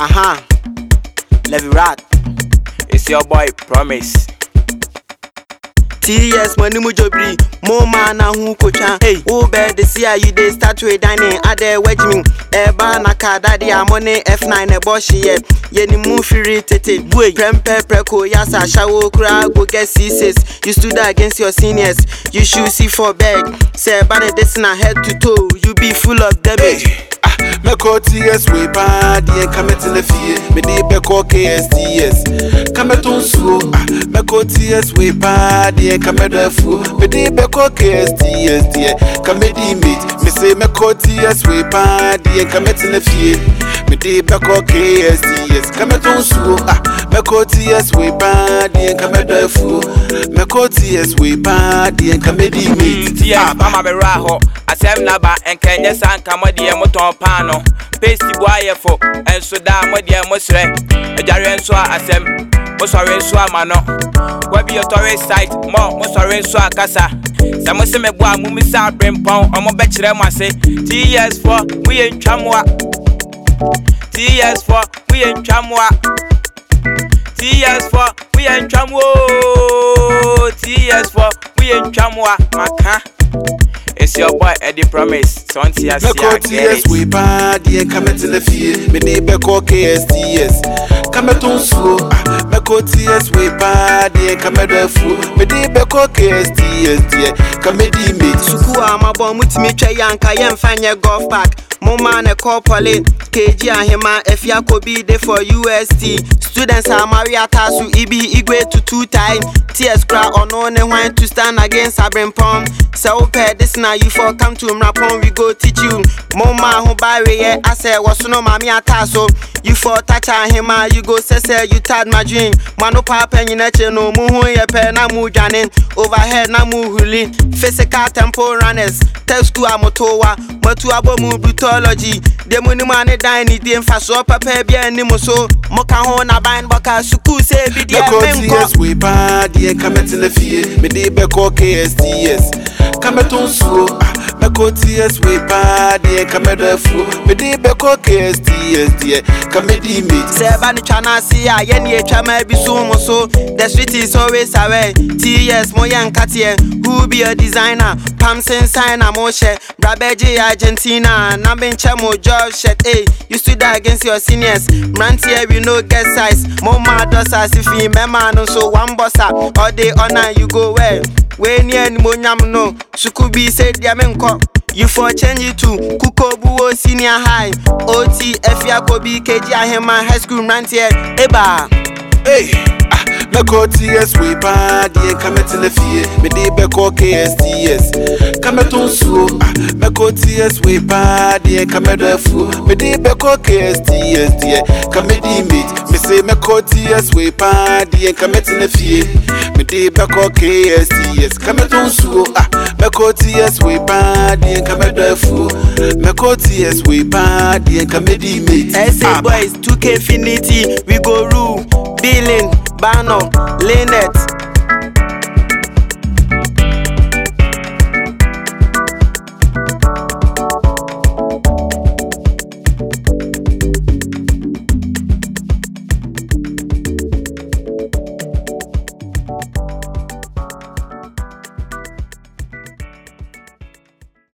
Aha, Levy Rat. It's your boy, promise. TDS money mujobri, mo man na hu kocha. Hey, who bet the see you dey start to a dining, dey wedge me. Eba na ka daddy a money F9 e boshi yet. Yeni mu firi tete. Boy, prempe preko yasa shawo kura go get c You stood against your seniors. You should see for beg. Say about this na head to toe. You be full of damage. Hey mɛkɔ ts wei paa deɛ nka mɛtena fie mede bɛkɔ ksts ka mɛtɔ nsuo mɛkɔ ts wei paa deɛ nka mɛdɔ afuo mede bɛkɔ ksts deɛ ka mɛdi meat mese mɛkɔ ts wei paa deɛ nka mɛtena fie mede bɛkɔ ksts ka mɛtɔ nsuo mɛkɔ ts wei paa deɛ nka mɛdɔ afuo mɛkɔ ts wei paa deɛ nka mɛdi meat asɛm naba nka ɛnyɛ saa nka mɔdeɛ motɔn paa no pesti bu ayɛfo ɛnso daa mɔdeɛ moserɛ adwareɛ e nso a asɛm mosɔre nso ama no wabi yɛtɔre site mɔ mosɔre nso a kasa sɛ mose me bo a momisa aberempɔn ɔmo bɛkyerɛ mo ase ts fɔ moyɛ ntwamoa ts fɔ moyɛ ntwamoa ts fɔ moyɛ ntwamoa oh, oh, oh, ts fɔ moyɛ ntwamoa maka It's your boy Eddie Promise. So on TS. Meko TS we bad, yeah, come into the field. Me neighbor call KSTS. Come at on slow. Meko TS we bad, yeah, come at the fool. Me neighbor call KSTS, yeah, come at me. Suku Sukua, my bomb with me, Chayanka, Yemfanya Golf Park. Moma, and a corporate keji ahima efia kobi dey for UST students are maria tasu ibi e igwe to two times tears cry ọ̀nà ne wine to stand against abirimpom sẹ o pẹ dis na you for come to mrapon we go teach you mo ma ho ba re yẹ asẹ wọ sunu maami ata so. You for touch him hima, ah, you go say say you tad my dream. Manu pa penny neche no muhu ye pe na mu janin. Overhead na mu huli. Physical tempo runners. Tell to amotowa. Matu abo mu brutology. Demu ni mane dine di mfa so pepe bia ni mo so. Moka ho na ban boka suku se bi di menko. Yes we pa di e kamet na fie. Me di be ko KSTS. Kameton suro. Ah bɛkɔ ts wei paa deɛ ka mɛdɔafuo mede bɛkɔ ksts deɛ ka medi me sɛ ɛba no twa no ase a yɛne yɛtwa so the street is always away ts mo yɛ nkateɛ who be a designer pam sensan na mohyɛ bra argentina na menkyɛ mo job shet ei you stood against your seniors mmeranteɛ we no get size mo ma dɔ sase fii mɛma so one bossa all day all night you go well wee nie nimonyam no suku bi sɛ deɛ menkɔ yifo change to kukobuwo senior high ot efiakobi keji ahema high school mmeranteɛ Eba. hey. Me call ts way bad, wei paa deɛ nka mɛtena fie mede bɛkɔ ksts ka mɛto Me call ts way bad, wei paa deɛ nka mɛdɔ afuo mede bɛkɔ ksts deɛ ka Me say me call ts way bad, wei paa deɛ nka mɛtena fie mede bɛkɔ ksts ka mɛto Me call ts way bad, wei come deɛ the fool. Me call ts way wei paa deɛ nka mɛdi I say, ah. boys 2k infinity, we go rule billing. Bano, Lynette,